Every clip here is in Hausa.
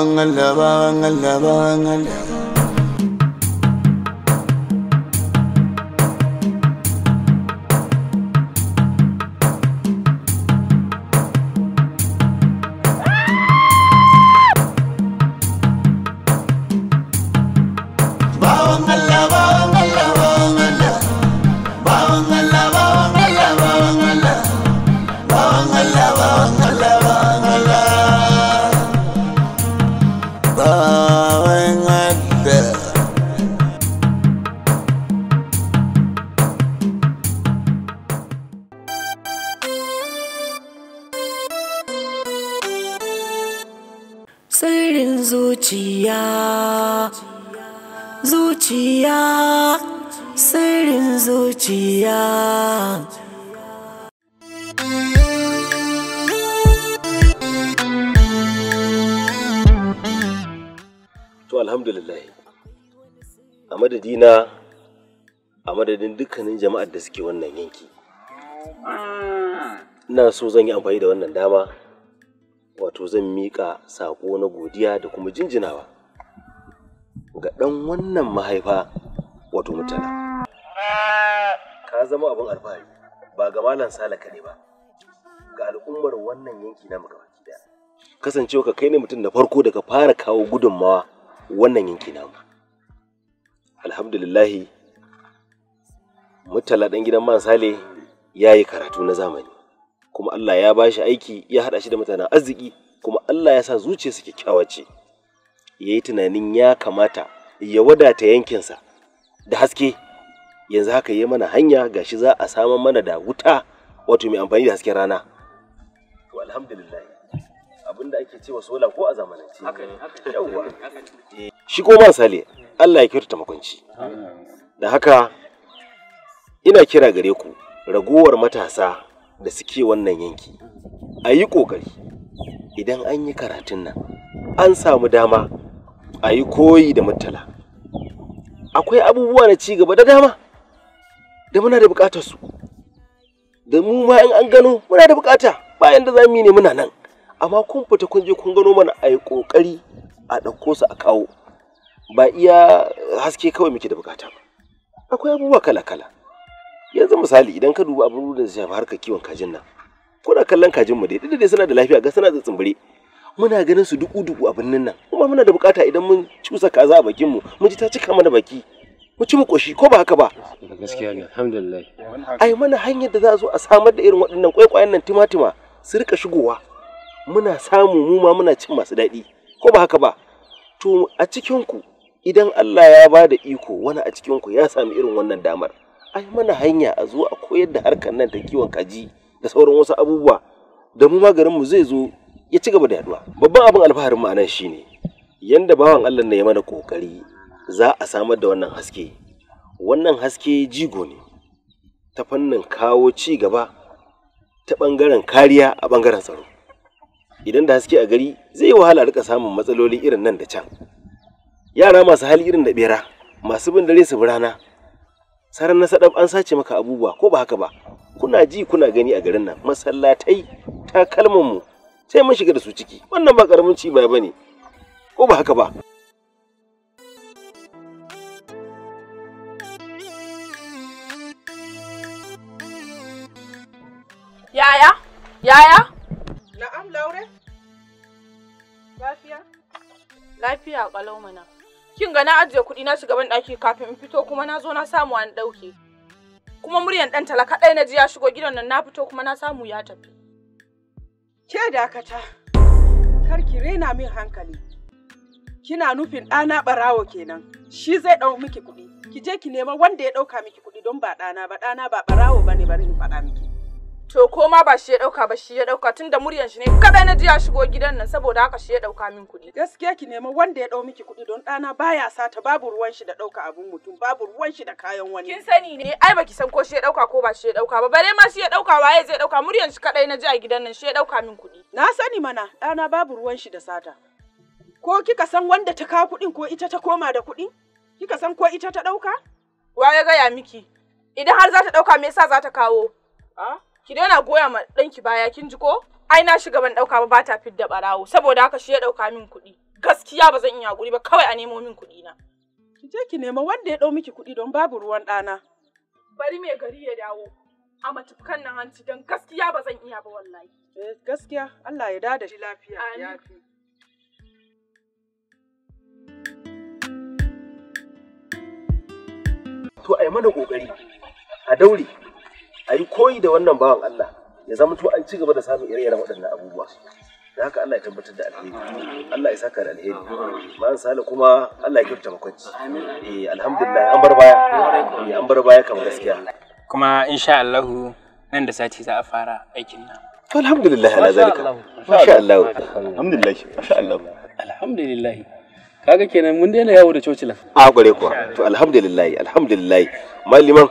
வாங்கல்ல வாங்கல்ல வாங்கல்ல zuciya sirrin zuciya to alhamdulillah a madadina a madadin dukkanin jama'ar da suke wannan yanki ina so zan yi amfani da wannan dama wato zan miƙa saƙo na godiya da kuma jinjinawa ga ɗan wannan mahaifa wato mutala. Ka zama abin alfahari ba ga malam sala kaɗai ba ga al'ummar wannan yanki na muka baki daya. Kasancewa ka kai ne mutum da farko daga fara kawo gudunmawa wannan yanki namu. Alhamdulillahi mutala ɗan gidan man sale ya yi karatu na zamani kuma Allah ya ba shi aiki ya haɗa shi da mutanen arziki kuma Allah ya sa zuciyarsa kyakkyawa ce. ya yi tunanin ya kamata ya wadata yankinsa da haske yanzu haka yi mana hanya ga shi za a samar mana da wuta wato mai amfani da hasken rana sola ko man eh, sale Allah ya ta makunci da haka ina kira gare ku ragowar matasa da suke wannan yanki a yi ƙoƙari idan an yi karatun nan an samu dama Ayi koyi da mutala akwai abubuwa na ci gaba da dama da muna da bukatar su da mu ma in an gano muna da bukata bayan da zamu yi ne muna nan amma kun fita kun je kun gano mana a yi kokari a ɗauko su a kawo ba iya haske kawai muke da bukata ba akwai abubuwa kala-kala yanzu misali idan ka duba abin da shafi harkar kiwon kajin nan kuna kallon kajin mu dai duk da suna da lafiya ga suna da tsumbure muna ganin su duku duku a birnin nan kuma muna da bukata idan mun cusa kaza a bakin mu mu ji ta cika mana baki mu ci mu koshi ko ba haka ba gaskiya ne alhamdulillah ai mana hanyar da za a zo a samar da irin waɗannan kwaikwayen nan timatima su rika shigowa muna samu mu ma muna cin masu daɗi ko ba haka ba to a cikin ku idan Allah ya ba da iko wani a cikin ku ya sami irin wannan damar ai mana hanya a zo a koyar da harkar nan ta kiwon kaji da sauran wasu abubuwa da mu ma garin mu zai zo ya ci gaba da yaduwa babban abin alfaharin mu anan shine yanda bawan Allah ne ya mana kokari za a samar da wannan haske wannan haske jigo ne ta fannin kawo ci gaba ta bangaren kariya a bangaren tsaro idan da haske a gari zai yi wahala rika samun matsaloli irin nan da can yara masu hali irin da bera masu bin dare su birana. rana saran na sadab an sace maka abubuwa ko ba haka ba kuna ji kuna gani a garin nan masallatai takalman mu sai mun shiga da su ciki wannan ba karamin ci ba bane ko ba haka ba yaya yaya na'am laure lafiya lafiya kalau mana kin ga na ajiye kuɗi na shiga ban ɗaki kafin in fito kuma na zo na samu an ɗauke kuma muryan ɗan talaka ɗaya na ji ya shigo gidan nan na fito kuma na samu ya tafi Ke dakata, kar ki rena min hankali. Kina nufin ɗana ɓarawo kenan, shi zai ɗau miki kuɗi. Ki je ki nema wanda ya ɗauka miki kuɗi don ba ɗana ba, ɗana ba ɓarawo ba ne bari in faɗa miki. To ko ma ba shi ya dauka ba shi ya dauka tunda muryan shi ne kada na ji ya shigo gidan nan saboda haka shi ya dauka min kuɗi. Gaskiya ki nema wanda ya dau miki kuɗi don ɗana baya sata babu ruwan shi da dauka abun mutum babu ruwan shi da kayan wani. Kin sani ne ai baki san ko shi ya dauka ko ba shi ya dauka ba bare ma shi ya dauka waye zai dauka muryan shi kadai na ji a gidan nan shi ya dauka min kuɗi. Na sani mana ɗana babu ruwan shi da sata. Ko kika san wanda ta kawo kuɗin ko ita ta koma da kuɗi? Kika san ko ita ta dauka? Wa ya miki? Idan har za ta dauka me yasa za ta kawo? Ah? ki daina goya ma ɗanki baya kin ji ko ai na shiga ban ɗauka ba ba ta fidda ɓarawo saboda haka shi ya ɗauka min kuɗi gaskiya ba zan iya guri ba kawai a nemo min kuɗi na ki je ki nema wanda ya ɗau miki kuɗi don babu ruwan ɗana bari mai gari ya dawo a matukan nan hanci don gaskiya ba zan iya ba wallahi eh gaskiya Allah ya dada shi lafiya ya fi to ai mana kokari a daure a yi koyi da wannan bawan Allah ya zama to an ci gaba da samun irin waɗannan abubuwa da haka Allah ya tabbatar da alheri Allah ya saka da alheri ma'an sala kuma Allah ya kyauta makwanci eh alhamdulillah an bar baya eh an bar baya kamar gaskiya kuma insha Allah nan da sati za a fara aikin nan to alhamdulillah ala zalika insha Allah alhamdulillah insha Allah alhamdulillah kaga kenan mun daina yawo da cocilan a ah, gare kuwa to alhamdulillah alhamdulillah malliman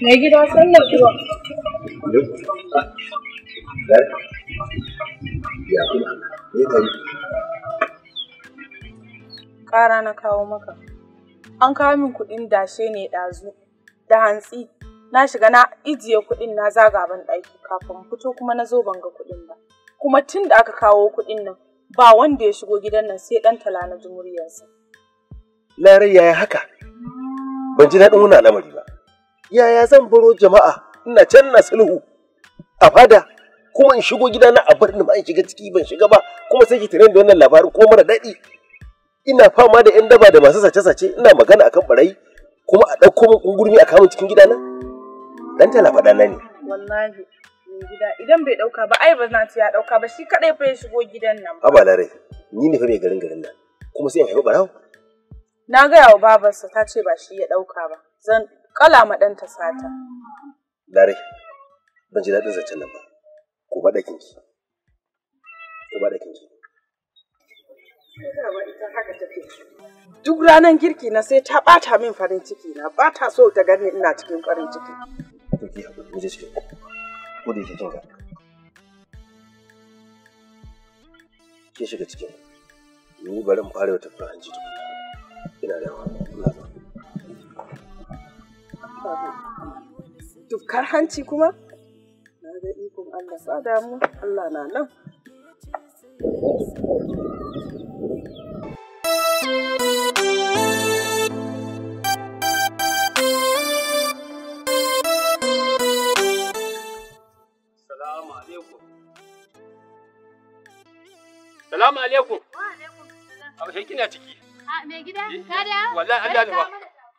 Mai gida sallar kuwa. Kara na kawo maka. An kawo min kuɗin dashe ne ɗazu da hantsi. Na shiga na ijiye kuɗin na zaga ban ɗaki kafin fito kuma na zo ban ga kuɗin ba. Kuma tun da aka kawo kuɗin nan ba wanda ya shigo gidan nan sai ɗan tala na ji muryarsa. Larai yaya haka? Ban ji daɗin wani al'amari ba. yaya zan baro jama'a ina can na sulhu a fada kuma in shigo gida na a bar ni in shiga ciki ban shiga ba kuma sai ki tare da wannan labarin ko mara daɗi ina fama da yan daba da masu sace-sace ina magana akan barayi kuma a ɗauko min kungurmi a kamun cikin gidana dan tana faɗa na ne wallahi gida idan bai ɗauka ba ai ba na ya ɗauka ba shi kaɗai fa ya shigo gidan nan ba lare ni ne fa mai garin garin nan kuma sai in haifi barawo na gaya wa babarsa ta ce ba shi ya ɗauka ba zan kala ma ɗanta sata. Dare, ban ji daɗin zancen nan ba, ku ba ɗakin ki. Ku ba ɗakin ki. Duk ranar girki na sai ta ɓata min farin ciki na ba ta so ta gani ina cikin farin ciki. ki haƙuri, mu je cikin ku. Ko da yake kin ga. Ki shiga cikin. Ni bari fara wata fara hanci tukuna. Ina da wani. dukkan hanci kuma? Na ga ikon Allah sa damu, Allah na nan. Salamu alaikum. Salamu alaikum. Wa alaikum. Abu kina ciki. A ah, me gida? Eh. Kada. Wallahi Allah ne ba.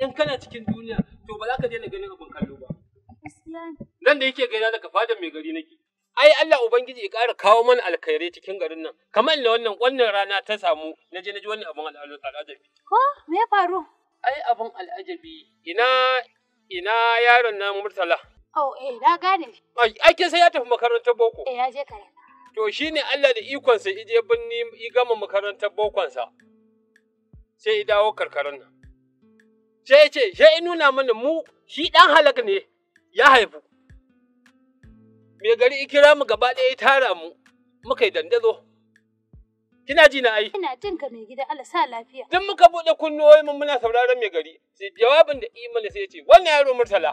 in kana cikin duniya to ba za ka daina ganin abin kallo ba nan da yake gaina daga fada mai gari nake ai Allah ubangiji ya ƙara kawo mana alkhairai cikin garin nan kamar da wannan wannan rana ta samu na je na ji wani abin al'ajabi ko me ya faru ai abin al'ajabi ina ina yaron nan murtala oh eh na gane ai kin sai ya tafi makarantar boko eh ya je karatu to shine Allah da ikonsa ije binni i gama makarantar bokonsa sai i dawo karkarun nan sai ya ce sai nuna mana mu shi ɗan halak ne ya haifu Me gari ikira mu gaba ɗaya ya tara mu muka yi dandazo kina ji na ai ina jin ka mai gida Allah sa lafiya duk muka bude kunnuwoyin mu muna sauraron me gari sai jawabin da imani sai ya ce wannan yaro murtala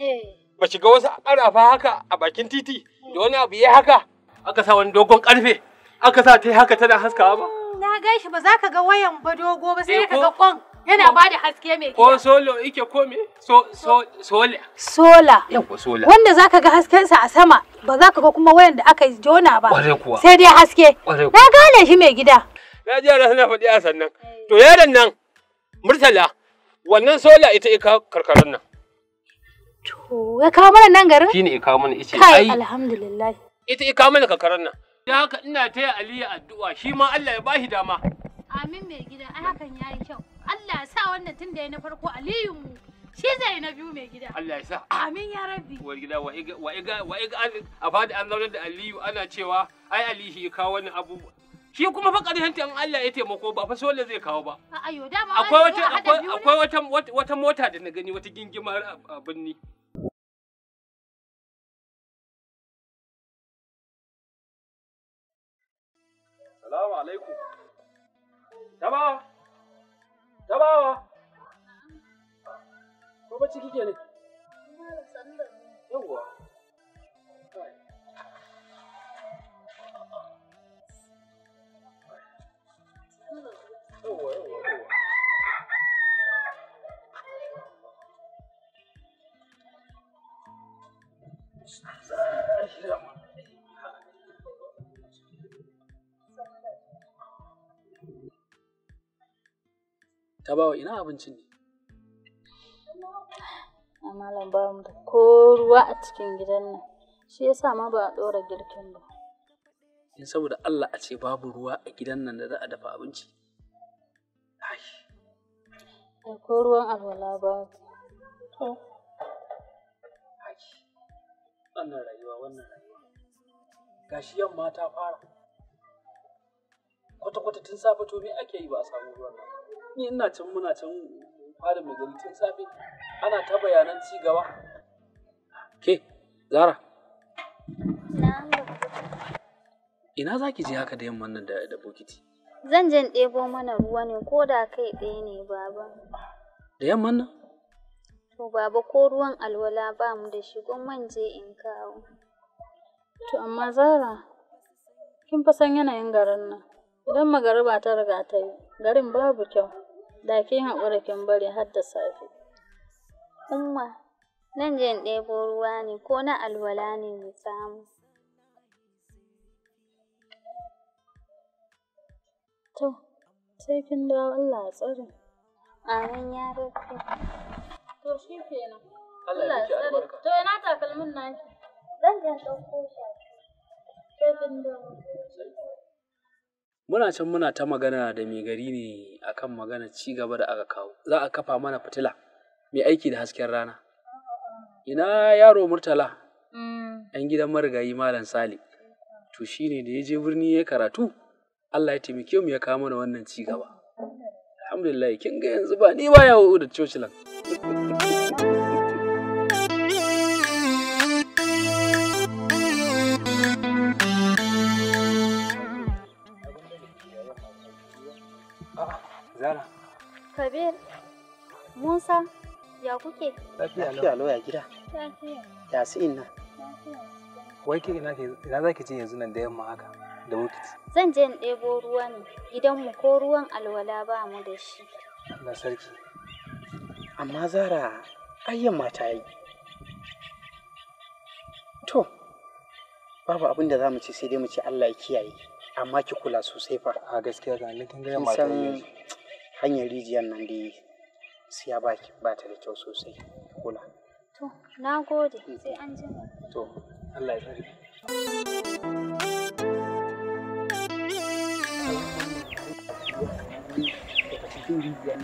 eh ba shiga wasu arafa haka a bakin titi da wani abu ya haka aka sa wani dogon karfe aka sa ta haka tana haskawa ba na gaishi ba za ka ga wayan ba dogo ba sai eh, ka ga kwan Yana ba da haske mai gida. Ko solo ike ko me? So, so, sola. Sola. Yawwa sola. Wanda zaka ga haskensa a sama ba za ka ga kuma wayan da aka jona ba. Ƙwarai kuwa. Sai dai haske. Ƙwarai kuwa. Na gane shi mai gida. Na ji yara suna faɗi a sannan. Eh. To yaron nan Murtala wannan sola ita ika karkarar nan. To ya kawo mana nan garin? Shine ya kawo mana ice. Kai alhamdulillah. Ita ika mana karkarar nan. Da haka ina taya Aliyu addu'a shi ma Allah ya bashi dama. Amin mai gida ai hakan yayi kyau. Allah ya sa wannan tun da ya na farko Aliyu mu shi zai na biyu mai gida Allah ya sa amin ya rabbi wa gida wa iga wa iga a fadi an zaunar da aliyu ana cewa ai alihi ya kawo wannan abu shi kuma fa ƙarshen in Allah ya taimako ba fa sole zai kawo ba ayo dama akwai wata akwai wata wata mota da na gani wata gingimar abin ni Assalamu alaikum. Dama. Ta bawa. Ko bacci kike ne? Yawwa. Yawwa, yawwa, yawwa. ka wa ina abincin ne malam ba mu da ko ruwa a cikin gidan nan shi yasa ma ba a ɗora girkin ba in saboda Allah a ce babu ruwa a gidan nan da za a dafa abinci ai ko ruwan alwala ba to wannan rayuwa wannan rayuwa gashi yamma ta fara kwata-kwata tun safe to me ake yi ba a samu ruwan nan ni ina can muna can fara mai gari tun safe ana ta bayanan ci gaba ke zara ina za ki je haka da yamman nan da bokiti zan je ɗebo mana ruwa ne ko da kai ɗaya ne baba da yamman nan to baba ko ruwan alwala ba mu da shi man je in kawo to amma zara kin fa san yanayin garin nan idan magariba ta riga ta yi garin babu kyau da yin haƙura kin bari har da safe umma nan je ɗebo ruwa ne ko na alwala ne mu samu to sai kin dawo Allah ya tsare amin ya rabbi to shi kenan Allah ya tsare to ina takalmin naki Zan ya ɗauko shi sai kin dawo Muna can muna ta magana da mai gari ne akan magana ci gaba da aka kawo. Za a kafa mana fitila mai aiki da hasken rana. Ina yaro Murtala, mm. ɗan gidan marigayi Malam Sale. To shi ne da ya je birni ya karatu, Allah ya taimake mu ya kawo mana wannan ci gaba. Alhamdulillah, kin ga yanzu ba ni ba yawo da cocilan. Zara. Kabir. Musa. Ya kuke? Lafiya lafiya ya gida. Lafiya. Ya su nan? Wai ke ina ke ina za ki je yanzu nan da yamma haka da bokiti. Zan je in ɗebo ruwa ne mu ko ruwan alwala ba mu da shi. Na sarki. Amma Zara ai yamma ta yi. To, babu abin da za mu ci sai dai mu ce Allah ya kiyaye amma ki kula sosai fa. A gaskiya ga ni kin ga yamma ta yi. hanyar rijiyar nan dai siya ba ta da kyau sosai kula to na gode mm. sai an ji to Allah ya eh,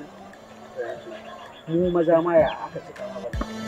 mu maza ma ya aka cika ba